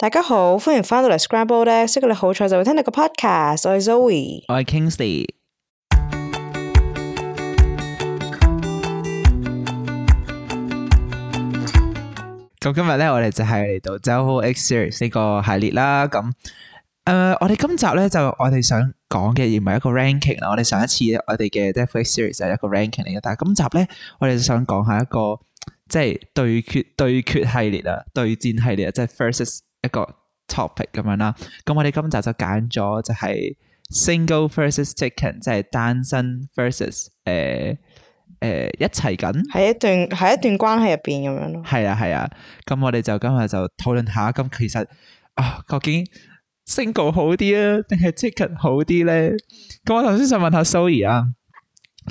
大家好，歡迎翻到嚟 Scrambled Eggs 咧，識嘅你好彩就會聽到個 podcast。我係 Zoe，我係 Kingsley。咁今日咧，我哋就係嚟到 Deviled Egg Series 呢個系列啦。咁，誒，我哋今集咧就我哋想講嘅，而唔係一個 ranking 啦。我哋上一次我哋嘅 Deviled Egg Series 係一個 ranking 嚟嘅，但係今集咧，我哋想講下一個即係對決對決系列啊，對戰系列啊，即係 versus。一個 topic 咁樣啦，咁我哋今集就揀咗就係 single versus taken，即係單身 versus 誒誒一齊緊，喺一段喺一段關係入邊咁樣咯。係啊係啊，咁我哋就今日就討論下，咁其實啊究竟 single 好啲啊，定係 taken 好啲咧？咁我頭先想問下 Zoe 啊，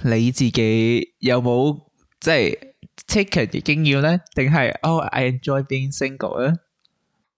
你自己有冇即係 taken 嘅經驗咧，定係哦，I enjoy being single 咧？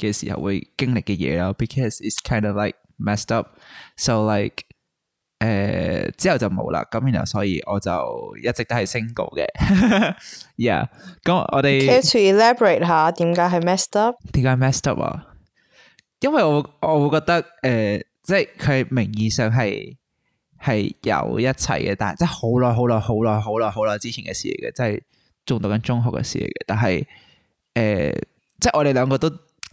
嘅時候會經歷嘅嘢囉，because it's kind of like messed up。so like，誒之後就冇啦。咁然後所以我就一直都係 single 嘅。yeah。咁我哋，care to elaborate 下點解係 messed up？點解 messed up 啊？因為我我會覺得誒，即係佢名義上係係有一齊嘅，但係即係好耐好耐好耐好耐好耐之前嘅事嚟嘅，即係仲讀緊中學嘅事嚟嘅。但係誒，即係我哋兩個都。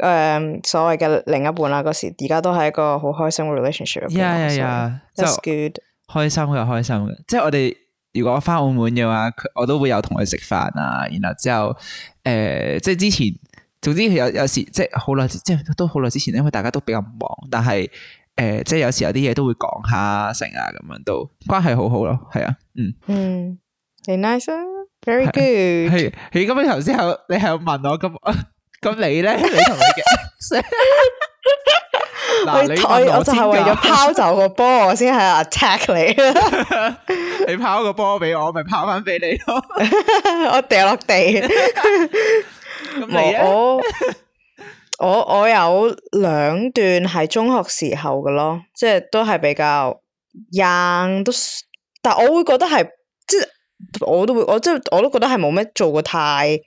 誒，um, 所謂嘅另一半啦、啊，嗰時而家都係一個好開心嘅 relationship。y、yeah, e yeah ,呀、yeah. 呀、so、！That's good，開心又開心嘅。即係我哋如果翻澳門嘅話，我都會有同佢食飯啊。然後之後誒，即係之前，總之有有時即係好耐，即係都好耐之前，因為大家都比較忙。但係誒、呃，即係有時有啲嘢都會講下成啊，咁樣都關係好好咯。係啊，嗯嗯，very、mm. nice 啊、uh?，very good 啊。係、啊，你咁樣頭先，你係問我咁。 咁你咧？你同我嘅嗱， 我你 你我，我就係為咗拋走個波，我先係 attack 你。你拋個波俾我，咪拋翻俾你咯。我掉落地。冇，我我我有兩段係中學時候嘅咯，即係都係比較硬，都但我會覺得係即係我都會，我即係我都覺得係冇咩做過太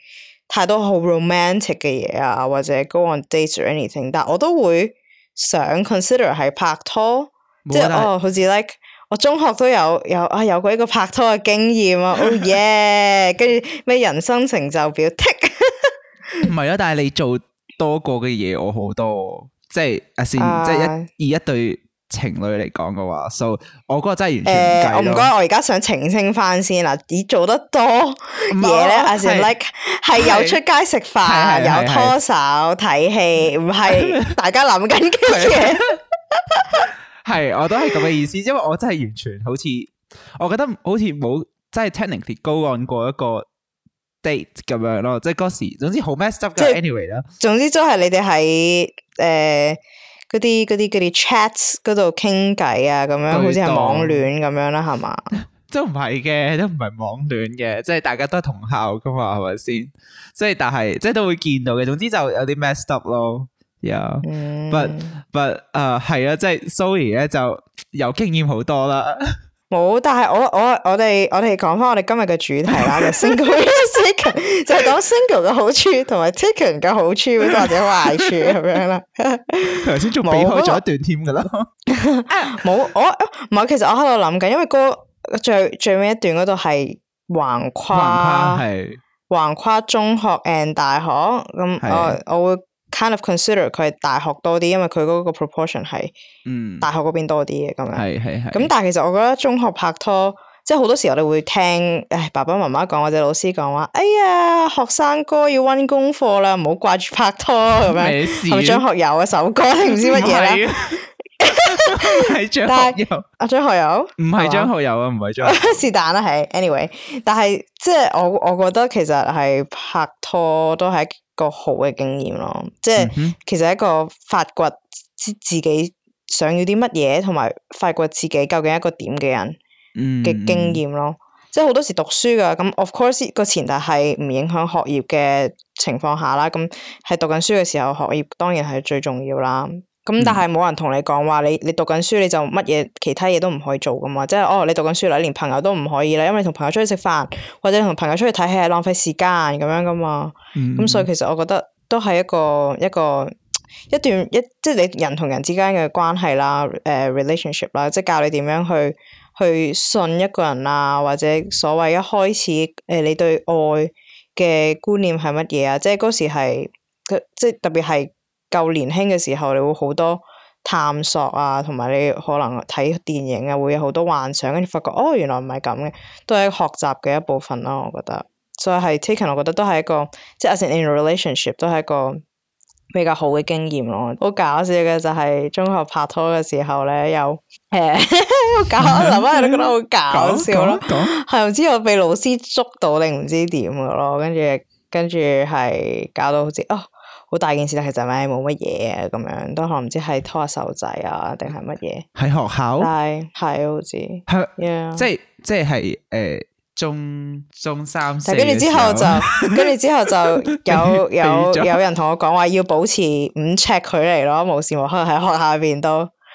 太多好 romantic 嘅嘢啊，或者 go on dates or anything，但我都會想 consider 係拍拖，有即係但 哦，好似 like 我中學都有有啊有過一個拍拖嘅經驗啊，oh yeah 跟住咩人生成就表，tick，唔係啊，但係你做多過嘅嘢我好多，即係阿先，啊、即係一二一對。情侶嚟講嘅話，所、so, 以我嗰個真係完全唔計，欸。我唔該，我而家想澄清返先啦，你做得多嘢咧，係 like 係有出街食飯，有拖手睇戲，唔係大家諗緊嘅嘢。係，我都係咁嘅意思，因為我真係完全好似，我覺得好似冇真係 technically go on 過一個 date 咁樣咯，即係嗰時，總之好 mess stuff 嘅，anyway 啦。總之都係你哋喺誒。呃嗰啲啲啲 chat 嗰度傾偈啊，咁樣好似係網戀咁樣啦，係嘛 吧 都唔係嘅，都唔係網戀嘅，即係大家都係同校噶嘛，係咪先？即係但係，即係都會見到嘅。總之就有啲 messed up 咯。呀、yeah. 嗯、，but but、uh, 啊，係啊，即係 sorry 咧，就有經驗好多啦。 冇，但係我我我哋我哋講翻我哋今日嘅主題啦， 就 single 同 taken， 就係講 single 嘅好處同埋 taken 嘅好處或者壞處咁樣啦。頭先仲避開咗一段添噶啦，冇 我唔係，其實我喺度諗緊，因為嗰最最尾一段嗰度係橫跨，橫跨，橫跨中學 and 大學咁、嗯是哦，我我會。Kind of consider 佢係大學多啲，因為佢嗰個 proportion 係大學嗰邊多啲嘅咁樣。係係係。咁但係其實我覺得中學拍拖，即係好多時候你會聽，唉，爸爸媽媽講或者老師講話，哎呀，學生哥要温功課啦，唔好掛住拍拖咁樣。咩事？係咪張學友啊首歌唔知乜嘢咧？係張學友。阿張學友？唔係張學友啊，唔係張學友。 是但啦，係。anyway，anyway 但係即係我我，我，我覺得其實係拍拖都係，個好嘅經驗咯，即係、mm hmm. 其實一個發掘之自己想要啲乜嘢，同埋發掘自己究竟一個點嘅人嘅經驗咯。Mm hmm. 即係好多時讀書噶，咁 of course 個前提係唔影響學業嘅情況下啦。咁喺讀緊書嘅時候，學業當然係最重要啦。咁但係冇人同你講話，你你讀緊書你就乜嘢其他嘢都唔可以做噶嘛？即係哦，你讀緊書啦，連朋友都唔可以啦，因為同朋友出去食飯或者同朋友出去睇戲係浪費時間咁樣噶嘛。咁、嗯嗯嗯嗯、所以其實我覺得都係一個一個一段一即係你人同人之間嘅關係啦，誒、uh, relationship 啦，即係教你點樣去去信一個人啊，或者所謂一開始誒、呃、你對愛嘅觀念係乜嘢啊？即係嗰時係即係特別係。夠年輕嘅時候，你會好多探索啊，同埋你可能睇電影啊，會有好多幻想，跟住發覺哦，原來唔係咁嘅，都係學習嘅一部分咯、啊。我覺得，所以、so, 係 taken 我覺得都係一個，即係 as in relationship 都係一個比較好嘅經驗咯。好搞笑嘅就係、是、中學拍拖嘅時候咧，又誒，好 搞，諗翻你覺得好搞笑咯。係唔知我被老師捉到定唔知點嘅咯？跟住跟住係搞到好似哦，好大件事，但其實就咪冇乜嘢啊，咁樣都可能唔知係拖手仔啊，定係乜嘢？喺學校係係好似，即係即係係誒中中三四跟住之後就跟住 之後就有有 有人同我講話要保持五尺距離咯，無時無刻喺學校入邊都。.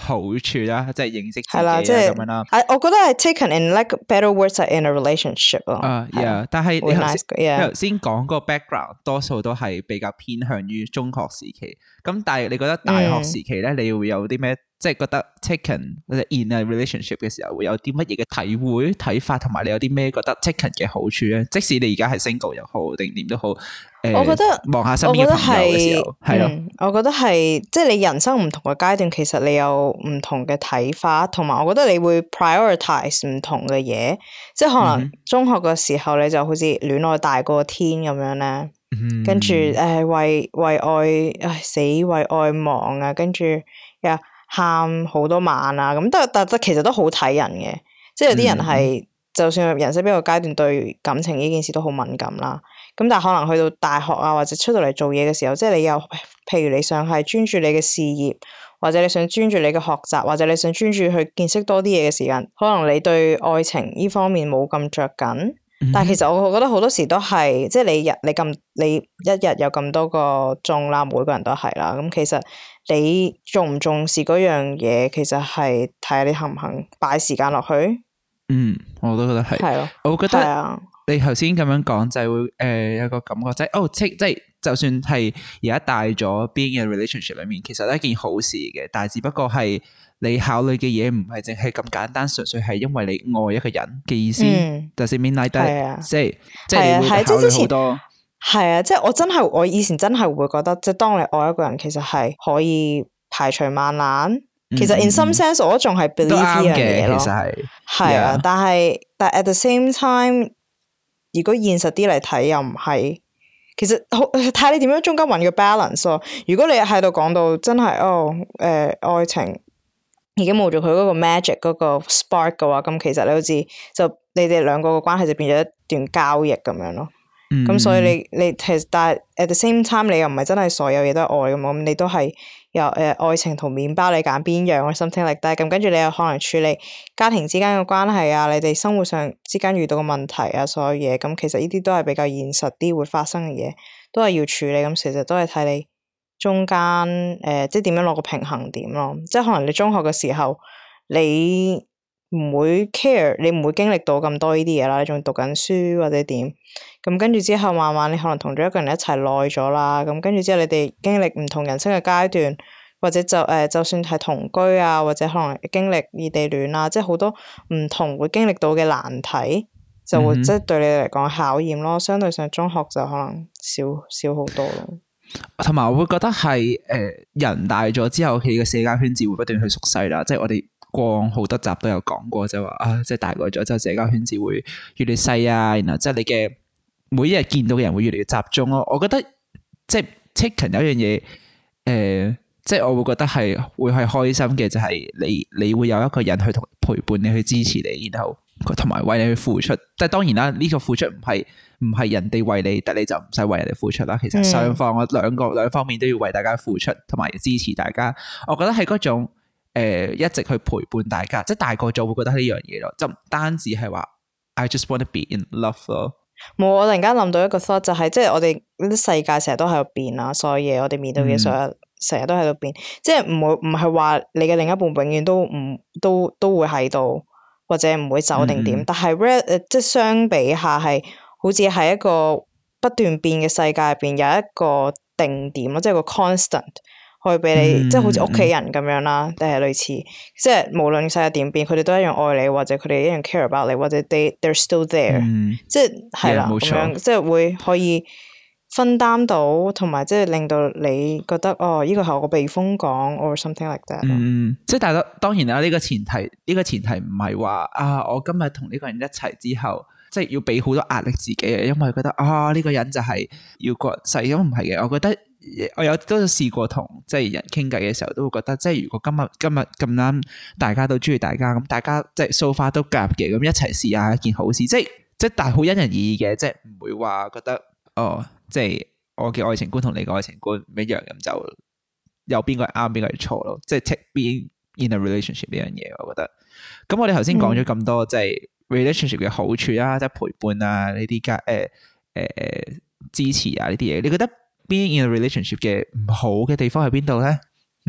好處啦，即係認識自己啊，即係咁樣啦。我覺得係 taken in like better words in a relationship 啊。啊，yeah，但係你頭先頭先講個 background，多數都係比較偏向於中學時期。咁但係你覺得大學時期咧，你會有啲咩？即係覺得 taken 或者 in a relationship 嘅時候，會有啲乜嘢嘅體會、睇法，同埋你有啲咩覺得 taken 嘅好處咧？即使你而家係 single 又好，定點都好，呃、我覺得望下身邊朋友嘅時候，係咯，我覺得係、嗯啊、即係你人生唔同嘅階段，其實你有唔同嘅睇法，同埋我覺得你會 prioritize 唔同嘅嘢，即係可能中學嘅時候，你就好似戀愛大過天咁樣咧，嗯、跟住誒、呃、為為愛死為愛忙啊，跟住喊好多晚啊，咁但但其實都好睇人嘅，即係有啲人係、嗯、就算入人生邊個階段，對感情呢件事都好敏感啦。咁但係可能去到大學啊，或者出到嚟做嘢嘅時候，即係你又譬如你想係專注你嘅事業，或者你想專注你嘅學習，或者你想專注去見識多啲嘢嘅時間，可能你對愛情呢方面冇咁着緊。嗯、但係其實我我覺得好多時都係，即係你日你咁你一日有咁多個鐘啦，每個人都係啦，咁其實。你重唔重視嗰樣嘢，其實係睇下你肯唔肯擺時間落去。嗯，我都覺得係。係咯、啊，我覺得你頭先咁樣講就係會誒、呃、有一個感覺，即係哦，即係就算係而家大咗邊嘅 relationship 裏面，其實都係一件好事嘅，但係只不過係你考慮嘅嘢唔係淨係咁簡單，純粹係因為你愛一個人嘅意思，就係 mind like 即係即係會考慮好多。係啊，即係我真係，我以前真係會覺得，即係當你愛一個人，其實係可以排除萬難。嗯、其實 in some sense，嗯、我仲係 believe 呢樣嘢咯。係啊，Yeah. 但係但係 at the same time，如果現實啲嚟睇又唔係，其實好睇你點樣中間搵個 balance 咯。如果你喺度講到真係哦，誒、呃、愛情已經冇咗佢嗰個 magic 嗰個 spark 嘅話，咁其實你好似就你哋兩個嘅關係就變咗一段交易咁樣咯。咁、mm hmm。所以你你其實但係 at the same time 你又唔係真係所有嘢都係愛咁，你都係有誒愛情同麵包你揀邊樣啊？something like that 咁，跟住你又可能處理家庭之間嘅關係啊，你哋生活上之間遇到嘅問題啊，所有嘢咁，其實呢啲都係比較現實啲會發生嘅嘢，都係要處理。咁其實都係睇你中間誒、呃，即係點樣攞個平衡點咯。即係可能你中學嘅時候你。唔會 care，你唔會經歷到咁多呢啲嘢啦，你仲讀緊書或者點，咁跟住之後慢慢你可能同咗一個人一齊耐咗啦，咁跟住之後你哋經歷唔同人生嘅階段，或者就誒、呃，就算係同居啊，或者可能經歷異地戀啊，即係好多唔同會經歷到嘅難題，就會、嗯、即係對你嚟講考驗咯。相對上中學就可能少少好多咯。同埋我會覺得係誒、呃，人大咗之後，佢嘅社交圈子會不斷去縮細啦，即係我哋。過好多集都有講過，就話啊，即係大個咗，之後社交圈子會越嚟細啊，然後即係你嘅每一日見到嘅人會越嚟越集中咯、啊。我覺得即係 Taken 有一樣嘢，誒，即係、呃、我會覺得係會係開心嘅，就係、是、你你會有一個人去同陪伴你去支持你，然後同埋為你去付出。但係當然啦，呢、這個付出唔係唔係人哋為你，但你就唔使為人哋付出啦。其實雙方是、啊、我兩個兩方面都要為大家付出，同埋支持大家。我覺得係嗰種。誒、呃，一直去陪伴大家，即係大個咗會覺得呢樣嘢咯，就唔單止係話 I just want to be in love 咯。冇，我突然間諗到一個 thought，就係、是、即係我哋呢啲世界成日都喺度變啦，所有嘢我哋面對嘅、嗯、所有，成日都喺度變，即係唔會唔係話你嘅另一半永遠都唔都都會喺度，或者唔會走定點，嗯、但係即係相比下係，好似喺一個不斷變嘅世界入邊有一個定點咯，即係個 constant。可以俾你，嗯、即係好似屋企人咁樣啦，定係、嗯、類似，即係無論世界點變，佢哋都一樣愛你，或者佢哋一樣 care about 你，或者 they, they're still there，嗯、即係係啦，冇錯，咁樣即係會可以分擔到，同埋即係令到你覺得哦，呢個係我個避風港，or something like that。嗯，即係但係當然啦，呢個前提，呢個前提唔係話啊，我今日同呢個人一齊之後，即係要俾好多壓力自己嘅，因為覺得啊呢個人就係要過世，咁唔係嘅，我覺得。我有都試過同即係人傾偈嘅時候，都會覺得即係如果今日今日咁啱，大家都中意大家咁，大家即係 so far 都夾嘅咁，一齊試下一件好事。即係即係，但係好因人而異嘅，即係唔會話覺得哦，即係我嘅愛情觀同你嘅愛情觀唔一樣，咁就有邊個啱，邊個係錯咯。即係 take being in a relationship 呢樣嘢，我覺得。咁我哋頭先講咗咁多，即係、嗯、relationship 嘅好處啊，即係陪伴啊，呢啲家誒誒、呃呃、支持啊呢啲嘢，你覺得？Being in a relationship 嘅唔好嘅地方喺邊度咧？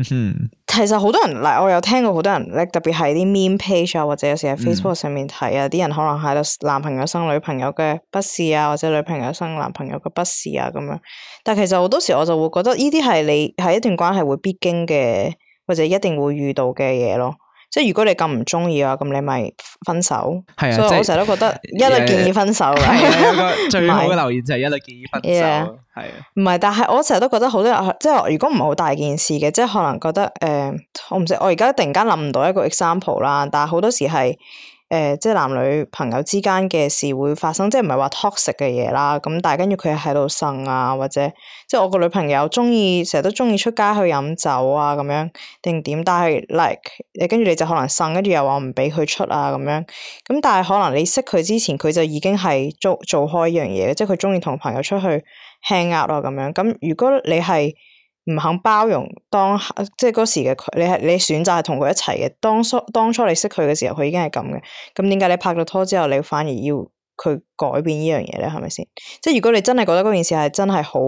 其實好多人，嗱，我有聽過好多人咧，特別係啲 meme page 啊，或者有時喺 Facebook 上面睇啊，啲、嗯、人可能喺度男朋友生女朋友嘅不是啊，或者女朋友生男朋友嘅不是啊，咁樣。但其實好多時我就會覺得呢啲係你喺一段關係會必經嘅，或者一定會遇到嘅嘢咯。即係如果你咁唔鍾意啊，咁你咪分手。啊、所以我成日都覺得一律建議分手啦。最好嘅留言就係一律建議分手。係啊，唔係，但係我成日都覺得好多，人，即係如果唔係好大件事嘅，即係可能覺得誒、呃，我唔識，我而家突然間諗唔到一個 example 啦，但係好多時係。誒、呃，即係男女朋友之間嘅事會發生，即係唔係話 toxic 嘅嘢啦。咁但係跟住佢喺度呻啊，或者即係我個女朋友中意成日都中意出街去飲酒啊，咁樣定點？但係 like 誒，跟住你就可能呻，跟住又話唔畀佢出啊，咁樣。咁但係可能你識佢之前，佢就已經係做做開一樣嘢，即係佢中意同朋友出去 hang out 咯，咁樣。咁如果你係。唔肯包容當下，即係嗰時嘅佢，你係你選擇係同佢一齊嘅。當初當初你識佢嘅時候，佢已經係咁嘅。咁點解你拍咗拖之後，你反而要佢改變呢樣嘢咧？係咪先？即係如果你真係覺得嗰件事係真係好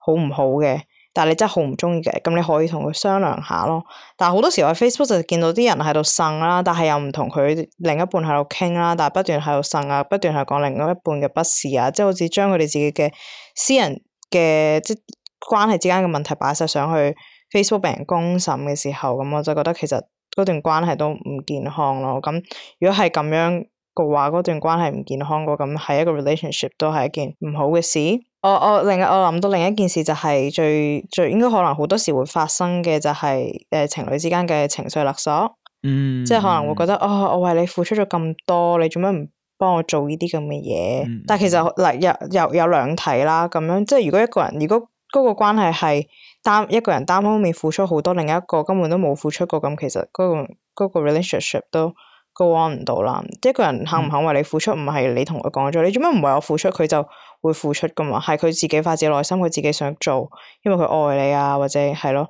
好唔好嘅，但係你真係好唔中意嘅，咁你可以同佢商量下咯。但係好多時候喺 Facebook 就見到啲人喺度呻啦，但係又唔同佢另一半喺度傾啦，但係不斷喺度呻啊，不斷係講另外一半嘅不是啊，即係好似將佢哋自己嘅私人嘅即係關係之間嘅問題擺晒上去 Facebook 俾人公審嘅時候，咁我就覺得其實嗰段關係都唔健康咯。咁如果係咁樣嘅話，嗰段關係唔健康嘅，咁係一個 relationship 都係一件唔好嘅事。我我另外我諗到另一件事就係最最應該可能好多時會發生嘅就係、是、誒、呃、情侶之間嘅情緒勒索，嗯、即係可能會覺得是哦我為你付出咗咁多，你做咩唔幫我做呢啲咁嘅嘢？嗯、但係其實嗱有有有，有，有兩睇啦，咁樣即係如果一個人如果人。如果嗰個關係係單一個人單方面付出好多，另一個根本都冇付出過，咁其實嗰、嗰個嗰、嗰個 relationship 都 go on 唔到啦。即一個人肯唔肯為你付出，唔係、嗯、你同佢講咗，你做咩唔為我付出，佢就會付出噶嘛？係佢自己發自內心，佢自己想做，因為佢愛你啊，或者係咯，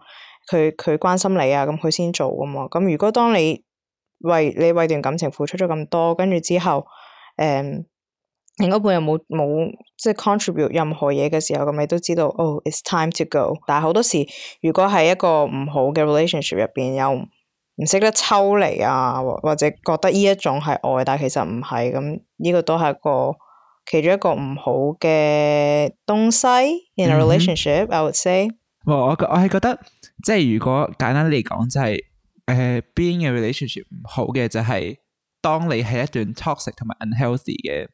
佢佢關心你啊，咁佢先做噶嘛。咁如果當你為你為段感情付出咗咁多，跟住之後，誒、嗯。你嗰半又冇冇即係 contribute 任何嘢嘅時候，咁你都知道哦、oh,，it's time to go。但係好多時，如果係一個唔好嘅 relationship 入邊，又唔識得抽離啊，或者覺得呢一種係愛，但係其實唔係，咁呢個都係一個其中一個唔好嘅東西。In a relationship，I、嗯、哼 would say。我我我係覺得，即係如果簡單嚟講，就係，呃、就係誒邊嘅 relationship 唔好嘅，就係當你係一段 toxic 同埋 unhealthy 嘅。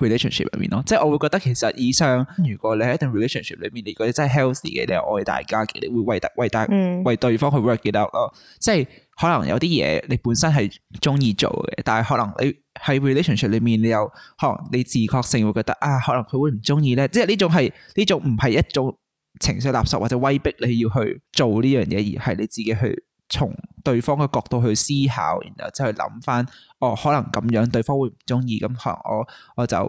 relationship 裏面咯，即係我會覺得其實以上如果你喺一段 relationship 裏面，你覺得真係 healthy 嘅，你愛大家嘅，你會為為大為對方去 work it out 咯。即係可能有啲嘢你本身係中意做嘅，但係可能你喺 relationship 裏面，你又可能你自覺性會覺得啊，可能佢會唔中意咧。即係呢種係呢種唔係一種情緒垃圾或者威逼你要去做呢樣嘢，而係你自己去。從對方嘅角度去思考，然後即係諗翻，哦，可能咁樣對方會唔中意，咁可能我我就唔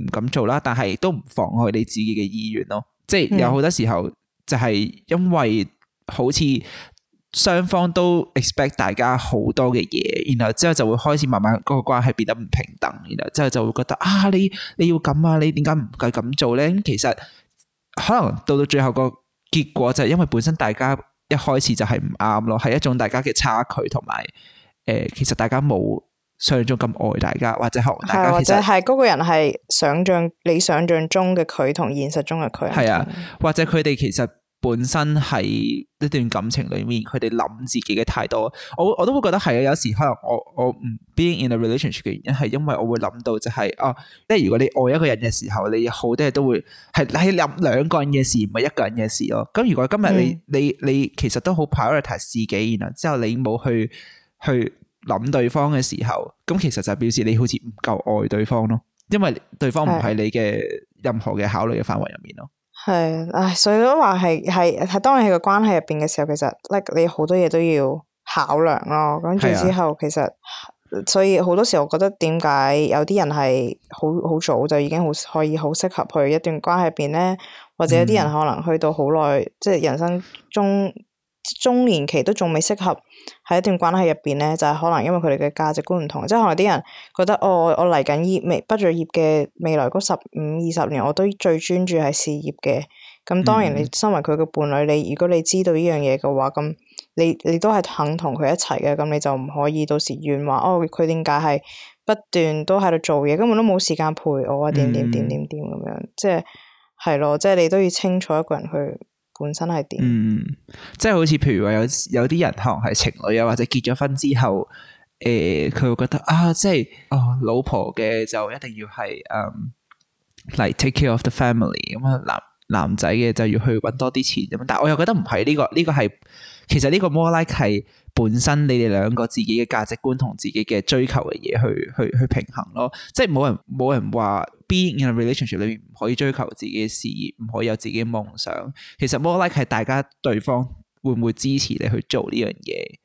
唔咁做啦。但係都唔妨礙你自己嘅意願咯。即係有好多時候、嗯、就係因為好似雙方都 expect 大家好多嘅嘢，然後之後就會開始慢慢嗰個關係變得唔平等，然後之後就會覺得啊，你你要咁啊，你點解唔係咁做咧？其實可能到到最後個結果就係、是、因為本身大家。一開始就係唔啱咯，係一種大家嘅差距，同埋誒，其實大家冇想象中咁愛大家，或者學大家其實係嗰個人係想象你想象中嘅佢，同現實中嘅佢係啊，或者佢哋、嗯啊、其實。本身喺一段感情裏面，佢哋諗自己嘅太多，我我都會覺得係啊。有時可能我我唔 being in a relationship 嘅原因係因為我會諗到就係、是、啊，即係如果你愛一個人嘅時候，你好多嘢都會係喺諗兩個人嘅事，唔係一個人嘅事咯。咁如果今日你、嗯、你你、你其實都好 prioritize 自己，然後之後你冇去去諗對方嘅時候，咁其實就表示你好似唔夠愛對方咯，因為對方唔係你嘅任何嘅考慮嘅範圍入面咯。係，唉，所以都話係係係，當你喺個關係入邊嘅時候，其實咧你好多嘢都要考量咯，跟住之後其實，所以好多時候我覺得點解有啲人係好好早就已經好可以好適合去一段關係入邊咧，或者有啲人可能去到好耐，嗯、即係人生中，中年期都仲未適合喺一段關係入邊咧，就係、是、可能因為佢哋嘅價值觀唔同，即係可能啲人覺得哦，我嚟緊未，畢咗業嘅未來嗰十五二十年，我都最專注係事業嘅。咁當然，你身為佢嘅伴侶，你如果你知道呢樣嘢嘅話，咁你你都係肯同佢一齊嘅，咁你就唔可以到時怨話哦，佢點解係不斷都喺度做嘢，根本都冇時間陪我啊？點點點點點咁樣，即係係咯，即係你都要清楚一個人去。本身係點？嗯，即係好似譬如話有有啲人可能係情侶，又或者結咗婚之後，誒、呃、佢會覺得啊，即係哦，老婆嘅就一定要係誒嚟 take care of the family 咁啊，男男仔嘅就要去揾多啲錢咁啊，但我又覺得唔係呢個呢、呢個係。其實呢個 more like 係本身你哋兩個自己嘅價值觀同自己嘅追求嘅嘢，去去去平衡咯，即係冇人冇人話 being in a relationship 裏面唔可以追求自己嘅事業，唔可以有自己嘅夢想。其實 more like 係大家對方會唔會支持你去做呢樣嘢，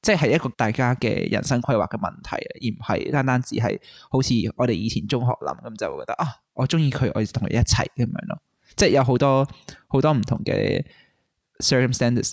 即係一個大家嘅人生規劃嘅問題，而唔係單單只係好似我哋以前中學諗咁就會覺得啊，我中意佢，我同佢一齊咁樣咯。即係有好多好多唔同嘅 circumstances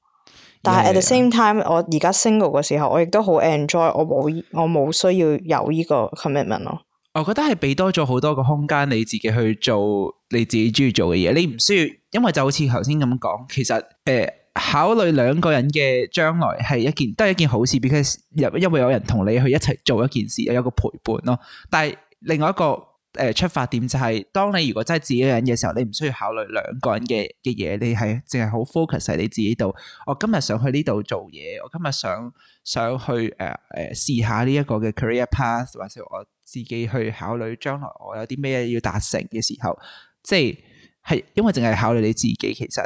但係 at the same time，我而家 single 嘅時候，我亦都好 enjoy，我冇我冇需要有呢個 commitment 咯。我覺得係俾多咗好多個空間，你自己去做你自己中意做嘅嘢。你唔需要，因為就好似頭先咁講，其實誒、呃、考慮兩個人嘅將來係一件都係一件好事，畢竟又因為有人同你去一齊做一件事，有有個陪伴咯。但係另外一個。誒、呃，出發點就係、是、當你如果真係自己一人嘅時候，你唔需要考慮兩個人嘅嘅嘢，你係淨係好 focus 喺你自己度。我今日想去呢度做嘢，我今日想想去誒誒、呃、試下呢一個嘅 career path，或者我自己去考慮將來我有啲咩要達成嘅時候，即係係因為淨係考慮你自己，其實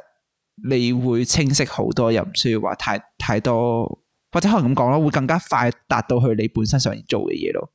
你會清晰好多，又唔需要話太太多，或者可能咁講咯，會更加快達到去你本身想做嘅嘢咯。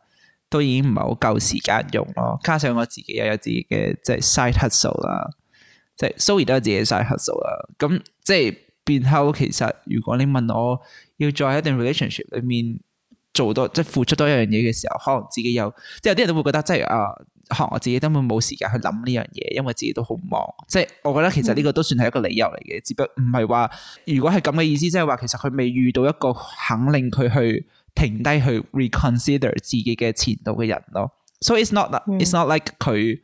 都已經唔係好夠時間用咯，加上我自己又有自己嘅即係 side hustle 啦，即係 Zoe 都有自己 side hustle 啦。咁即係變後，其實如果你問我要再喺一段 relationship 裏面做多即係付出多一樣嘢嘅時候，可能自己有即係有啲人都會覺得即係啊，我自己根本冇時間去諗呢樣嘢，因為自己都好忙。即係我覺得其實呢個都算係一個理由嚟嘅，嗯、只不過唔係話如果係咁嘅意思，即係話其實佢未遇到一個肯令佢去。停低去 reconsider 自己嘅前度嘅人咯，所、so、以 it's not、嗯、it's not like 佢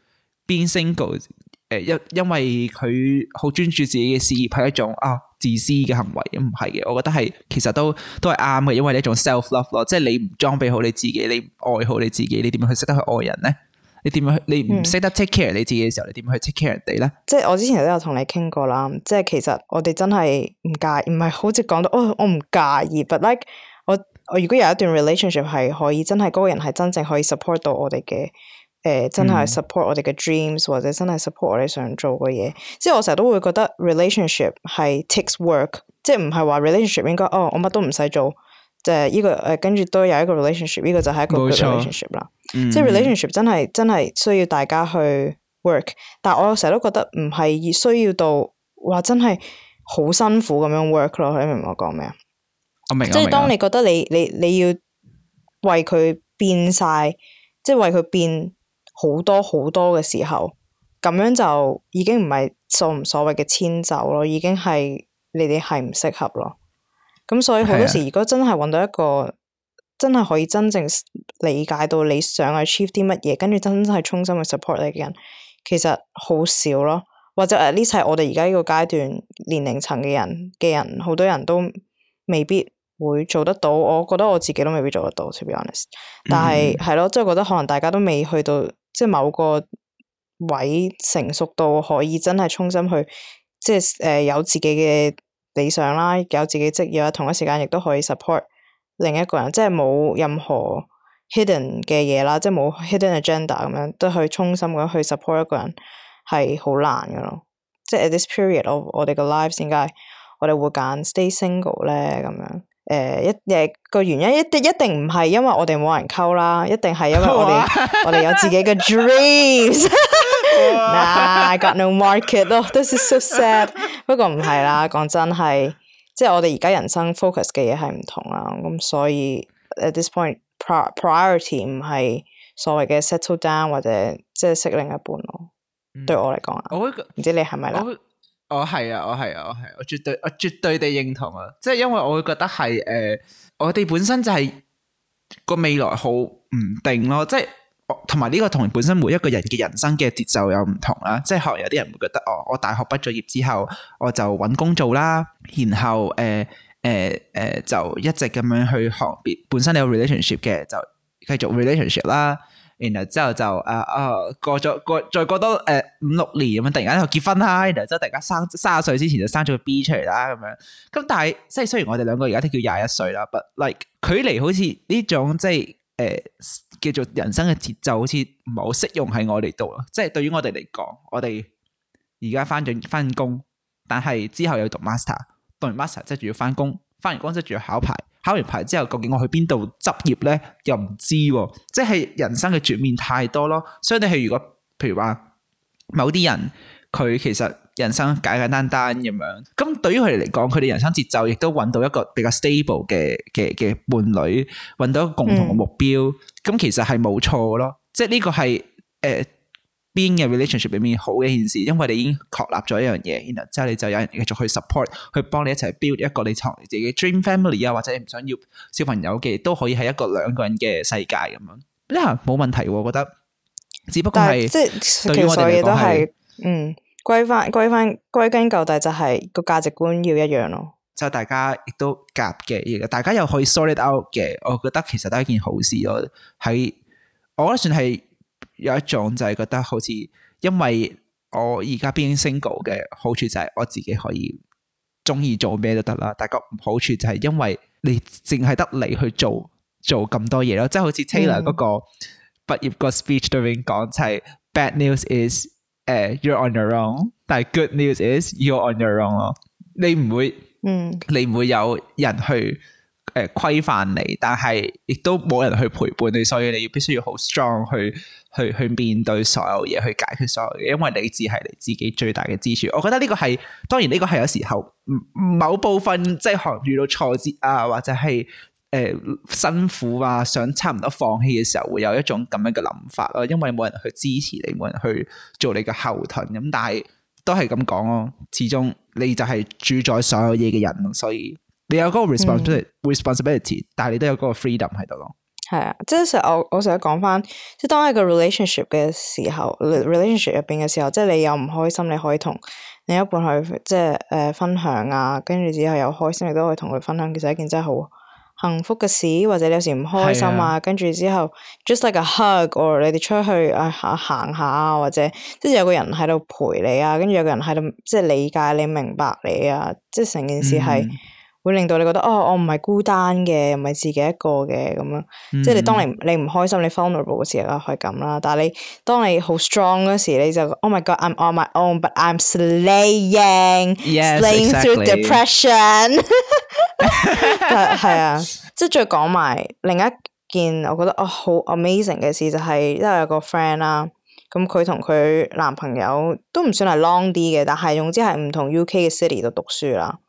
being single，誒、呃、因因為佢好專注自己嘅事業係一種啊自私嘅行為，唔係嘅，我覺得係其實都都係啱嘅，因為呢種 self love 咯，即係你唔裝備好你自己，你唔愛好你自己，你點樣去識得去愛人咧？你點樣你唔識得 take care 你自己嘅時候，嗯、你點樣去 take care 人哋咧？即係我之前都有同你傾過啦，即係其實我哋真係唔介意，唔係好似講到哦，我唔介意，but like。我如果有一段 relationship 係可以真係嗰個人係真正可以 support 到我哋嘅，誒真係 support 我哋嘅 dreams 或者真係 support 我哋想做嘅嘢，即係我成日都會覺得 relationship 係 takes work，即係唔係話 relationship 應該哦我乜都唔使做，即係呢個誒跟住都有一個 relationship 呢個就係一個冇錯 relationship 啦，即係 relationship 真係真係需要大家去 work，但我又成日都覺得唔係需要到話真係好辛苦咁樣 work 咯，你明唔明我講咩啊？即係當你覺得你你你要為佢變晒，即係為佢變好多好多嘅時候，咁樣就已經唔係所唔所謂嘅遷就咯，已經係你哋係唔適合咯。咁所以好多時如果真係揾到一個是的 真係可以真正理解到你想去 achieve 啲乜嘢，跟住真係衷心去 support 你嘅人，其實好少咯。或者呢，係我哋而家呢個階段年齡層嘅人嘅人，好多人都未必，會做得到，我覺得我自己都未必做得到。to be honest，但係，係咯，即係、嗯、覺得可能大家都未去到即係、就是、某個位成熟到可以真係衷心去，即係誒有自己嘅理想啦，有自己職業啦，同一時間亦都可以 support 另一個人，即係冇任何 hidden 嘅嘢啦，即係冇 hidden agenda 咁樣，都去衷心咁去 support 一個人係好難噶咯。即係 at this period of 我哋嘅 lives 先，點解我哋會揀 stay single 咧，咁樣。誒，一個原因一定一定唔係因為我哋冇人溝啦，一定係因為我哋我哋有自己嘅 dreams。I got no market 咯，this is so sad。不過唔係啦，講真係，即係我哋而家人生 focus 嘅嘢係唔同啦，咁所以 at this point priority 唔係所謂嘅 settle down 或者即係識另一半咯。對我嚟講啊，唔知你係咪啦？我係啊，我係啊，我係，我絕對，我絕對地認同啊，即係因為我會覺得係，誒，我哋本身就係個未來好唔定咯，即係，同埋呢個同本身每一個人嘅人生嘅節奏有唔同啦，即係可能有啲人會覺得，哦，我大學畢咗業之後，我就搵工做啦，然後，誒，誒，誒，就一直咁樣去學，變，本身你有 relationship 嘅，就繼續 relationship 啦。然後之後就啊啊過咗過再過多誒五六年咁樣，突然間就結婚啦。然後之後突然間生三十歲之前就生咗個 B 出嚟啦咁樣。咁但係即係雖然我哋兩個而家都叫廿一歲啦，but like 距離好似呢種即係誒、呃、叫做人生嘅節奏，好似唔係好適用喺我哋度咯。即係對於我哋嚟講，我哋而家翻咗翻工，但係之後又讀 master，讀完 master 即係仲要翻工，翻完工即係仲要考牌。考完牌之後，究竟我去邊度執業咧？又唔知、啊，即係人生嘅局面太多咯。所以你係，如果譬如話某啲人佢其實人生簡簡單單咁樣，咁對於佢哋嚟講，佢哋人生節奏亦都揾到一個比較 stable 嘅嘅嘅伴侶，揾到一個共同嘅目標，咁、嗯、其實係冇錯咯。即係呢個係誒。呃邊嘅 relationship 裏面好嘅一件事，因為你已經確立咗一樣嘢，然之後你就有人繼續去 support，去幫你一齊 build 一個你創自己 dream family 啊，或者你唔想要小朋友嘅，都可以喺一個兩個人嘅世界咁樣，呢下冇問題，我覺得只不過係即係對我哋嚟講係，嗯，歸翻歸翻歸根究底就係、是、個價值觀要一樣咯，即係大家亦都夾嘅，大家又可以 sort it out 嘅，我覺得其實都係一件好事咯，係我覺得算係。有一種就係覺得好似，因為我而家變 single 嘅好處就係我自己可以中意做咩都得啦，但個唔好處就係因為你淨係得你去做做咁多嘢咯，即係好似 Taylor 嗰個、嗯、畢業個 speech 對面講就係、是、Bad news is 誒、uh, you're on your own，但係 Good news is you're on your own 咯，你唔會嗯，你唔會有人去誒、呃、規範你，但係亦都冇人去陪伴你，所以你要必須要好 strong 去。去去面對所有嘢，去解決所有嘢，因為理智係你自己最大嘅支柱。我覺得呢個係當然，呢個係有時候某部分即係可能遇到挫折啊，或者係誒、呃、辛苦啊，想差唔多放棄嘅時候，會有一種咁樣嘅諗法咯。因為冇人去支持你，冇人去做你嘅後盾咁，但係都係咁講咯。始終你就係主宰所有嘢嘅人，所以你有嗰個 responsibility、嗯、但係你都有嗰個 freedom 喺度咯、嗯。係啊，即係成日我我成日講翻，即係當一個 relationship 嘅時候，mm hmm.，relationship 入邊嘅時候，即係你有唔開心，你可以同另一半去即係誒、呃、分享啊，跟住之後有開心你都可以同佢分享，其實一件真係好幸福嘅事。或者你有時唔開心啊，跟住、啊、之後 just like a hug，或你哋出去誒、啊、行行下啊，或者即係有個人喺度陪你啊，跟住有個人喺度即係理解你、明白你啊，即係成件事係。嗯會令到你覺得哦，我唔係孤單嘅，唔係自己一個嘅咁樣。即係你當你你唔開心、你 vulnerable 嘅時候啦，係咁啦。但係你當你好 strong 嘅時候，你就 oh my god，I'm on my own，but I'm slaying，slaying through depression。係啊，即係再講埋另一件我覺得哦好 amazing 嘅事，就係因為有個 friend 啦，咁佢同佢男朋友都唔算係 long 啲嘅，但係總之係唔同 UK 嘅 city 度讀書啦。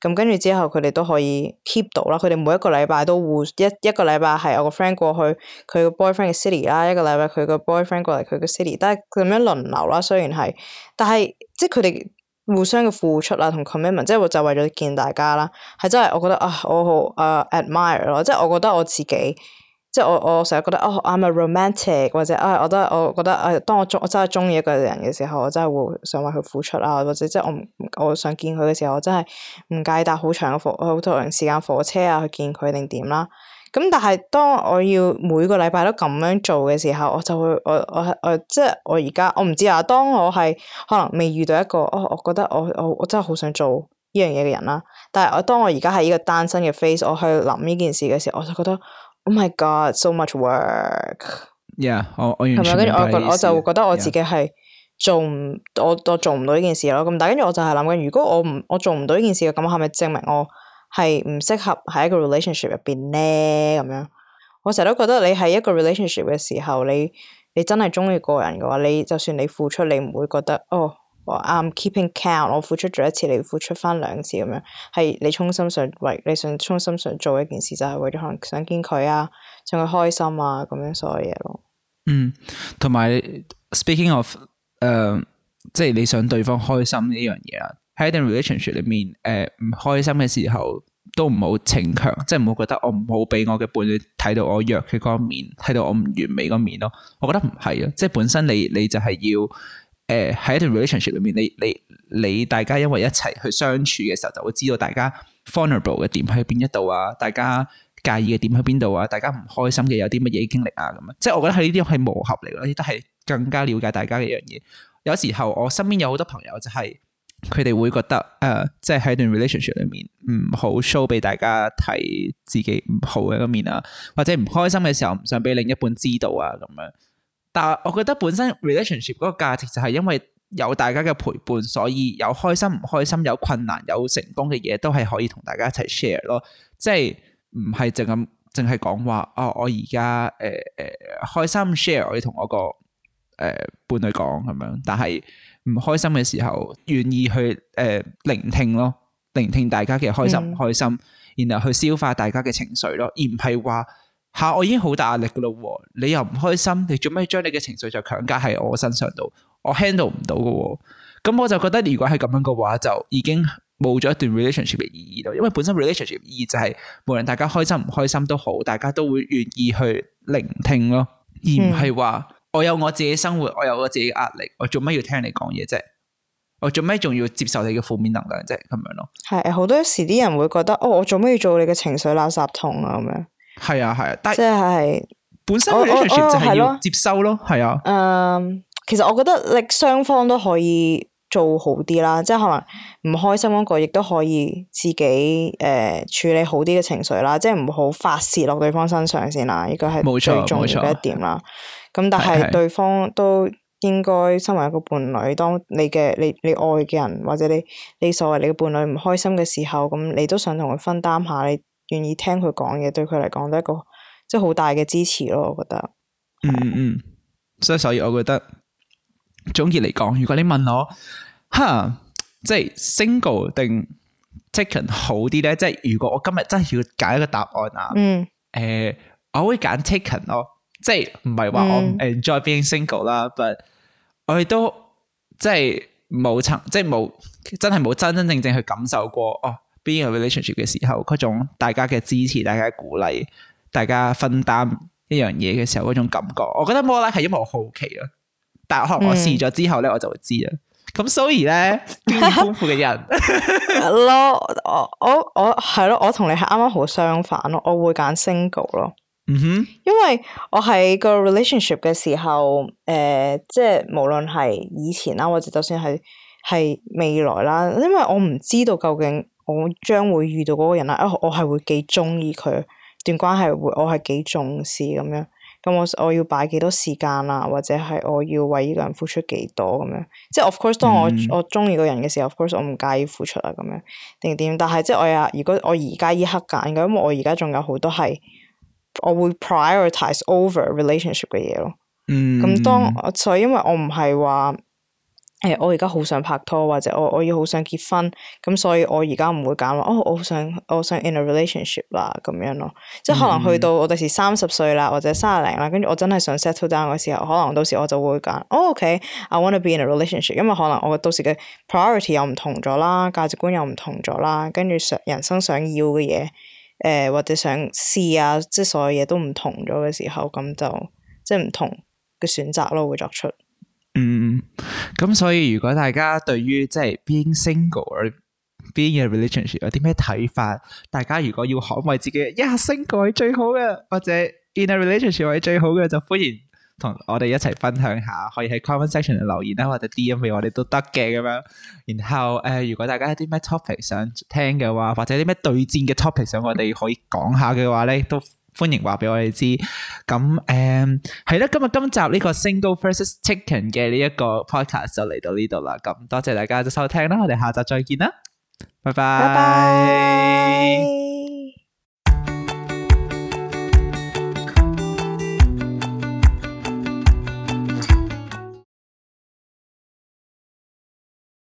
咁跟住之後，佢哋都可以 keep 到啦。佢哋每一個禮拜都互一一個禮拜係我個 friend 過去，佢個 boyfriend 嘅 city 啦；一個禮拜佢個 boyfriend 過嚟佢個 city，但係咁樣輪流啦。雖然係，但係即係佢哋互相嘅付出啊，同 commitment，即係我就為咗見大家啦。係真係，我覺得啊，我好誒、uh, admire 咯，即係我覺得我自己。即係我，我成日覺得哦，oh，我係 romantic，或者啊，我覺得我覺得誒，當我中我真係中意一個人嘅時候，我真係會想為佢付出啊，或者即係我唔我想見佢嘅時候，我真係唔介意搭好長嘅火好長時間火車啊去見佢定點啦。咁但係當我要每個禮拜都咁樣做嘅時候，我就會我我我即係我而家我唔知啊。當我係可能未遇到一個哦，我覺得我我我真係好想做呢樣嘢嘅人啦。但係我當我而家係呢個單身嘅 face，我去諗呢件事嘅時候，我就覺得。Oh my god! So much work. 係咪，跟住我覺我就覺得我自己係做唔我我做唔到呢件事咯。咁但跟住我就係諗緊，如果我唔我做唔到呢件事嘅，咁係咪證明我係唔適合喺一個 relationship 入邊咧？咁樣我成日都覺得你喺一個 relationship 嘅時候，你你真係中意個人嘅話，你就算你付出，你唔會覺得哦。I'm keeping count，我付出咗一次，你付出翻兩次咁樣，係、like, 你衷心想為你想衷心想做一件事，就係為咗可能想見佢啊，想佢開心啊，咁樣所有嘢咯。嗯，同埋 speaking of，誒，即係你想對方開心呢樣嘢啊。喺一段 relationship 裏面，誒、呃、唔開心嘅時候，都唔好逞強，即係唔好覺得我唔好俾我嘅伴侶睇到我弱嘅嗰面，睇到我唔完美嗰面咯。我覺得唔係啊，即係本身你你就係要。誒，喺、呃、一段 relationship 裏面，你你你大家因為一齊去相處嘅時候，就會知道大家 vulnerable 嘅點喺邊一度啊，大家介意嘅點喺邊度啊，大家唔開心嘅有啲乜嘢經歷啊，咁樣，即係我覺得喺呢啲係磨合嚟咯，亦都係更加了解大家嘅樣嘢。有時候我身邊有好多朋友就係佢哋會覺得，誒、呃，即係喺一段 relationship 裏面唔好 show 俾大家睇自己唔好嘅一面啊，或者唔開心嘅時候唔想俾另一半知道啊，咁樣。但係，我覺得本身 relationship 嗰個價值就係因為有大家嘅陪伴，所以有開心唔開心，有困難有成功嘅嘢，都係可以同大家一齊 share 咯。即係唔係淨咁淨係講話哦，我而家誒誒開心 share，我要同我、個誒、呃、伴侶講咁樣。但係唔開心嘅時候，願意去誒、呃、聆聽咯，聆聽大家嘅開心唔開心，嗯、然後去消化大家嘅情緒咯，而唔係話。吓、啊，我已經好大壓力噶咯，你又唔開心，你做咩將你嘅情緒就強加喺我身上度？我 handle 唔到噶，咁我就覺得如果係咁樣嘅話，就已經冇咗一段 relationship 嘅意義咯。因為本身 relationship 意義就係、是，無論大家開心唔開心都好，大家都會願意去聆聽咯，而唔係話我有我自己生活，我有我自己壓力，我做咩要聽你講嘢啫？我做咩仲要接受你嘅負面能量啫？咁樣咯，係，好多時啲人會覺得，哦，我做咩要做你嘅情緒垃圾桶啊？咁樣。係啊，係啊，即係本身嘅情緒就係要接收咯，係啊。誒、嗯，其實我覺得你雙方都可以做好啲啦，即係可能唔開心嗰個亦都可以自己誒、呃、處理好啲嘅情緒啦，即係唔好發洩落對方身上先啦。呢個係冇錯最重要嘅一點啦。咁但係對方都應該身為一個伴侶，是是當你嘅你你愛嘅人或者你你所謂你嘅伴侶唔開心嘅時候，咁你都想同佢分擔下你。願意聽佢講嘢，對佢嚟講都係一個即係好大嘅支持咯，我覺得。嗯嗯，所以所以我覺得，總結嚟講，如果你問我，哈，即係 single 定 taken 好啲咧？即係如果我今日真係要揀一個答案啊，嗯，誒、呃，我會揀 taken 咯，即係唔係話我 enjoy being single 啦，but、嗯、我亦都即係冇曾即係冇真係冇真真正正，正正去感受過哦。邊個 relationship 嘅時候，嗰種大家嘅支持、大家鼓勵、大家分擔一樣嘢嘅時候，嗰種感覺，我覺得 more like 係因為我好奇啊。大學我試咗之後咧，我就會知啦。咁所以 sorry 咧，鍛煉功夫嘅人咯。我我我係咯，我同你係啱啱好相反咯。我會揀 single 咯。嗯哼，因為我喺個 relationship 嘅時候，誒、呃，即係無論係以前啦，或者就算係係未來啦，因為我唔知道究竟。我將會遇到嗰個人啦，啊！我係會幾中意佢，段關係會我係幾重視咁樣。咁我我要擺幾多時間啊，或者係我要為呢個人付出幾多咁樣？即係 of course，當我、嗯、我中意個人嘅時候，of course 我唔介意付出啊咁樣定點？但係即係我呀，如果我而家依刻揀嘅，因為我而家仲有好多係我會 prioritize over relationship 嘅嘢咯。嗯。咁當所以，因為我唔係話。誒、呃，我而家好想拍拖，或者我我要好想結婚，咁所以我而家唔會揀咯。哦，我好想，我想 in a relationship 啦，咁樣咯。即係可能去到我第時三十歲啦，或者三十零啦，跟住我真係想 settle down 嘅時候，可能到時我就會揀。o、oh, k、okay, I want to be in a relationship，因為可能我到時嘅 priority 又唔同咗啦，價值觀又唔同咗啦，跟住想人生想要嘅嘢，誒、呃、或者想試啊，即係所有嘢都唔同咗嘅時候，咁就即係唔同嘅選擇咯，會作出。嗯，咁所以如果大家對於即係 being single or being a relationship 有啲咩睇法，大家如果要可為自己一下、yeah, single 係最好嘅，或者 in a relationship 係最好嘅，就歡迎同我哋一齊分享下，可以喺 conversation 度留言啦，或者 D M 我哋都得嘅咁樣。然後誒、呃，如果大家有啲咩 topic 想聽嘅話，或者啲咩對戰嘅 topic 想我哋可以講下嘅話咧，都，歡迎話俾我哋知，咁誒係啦，今日今集呢個 Single vs Taken 嘅呢一個 podcast 就嚟到呢度啦，咁多謝大家嘅收聽啦，我哋下集再見啦，拜拜。Bye bye。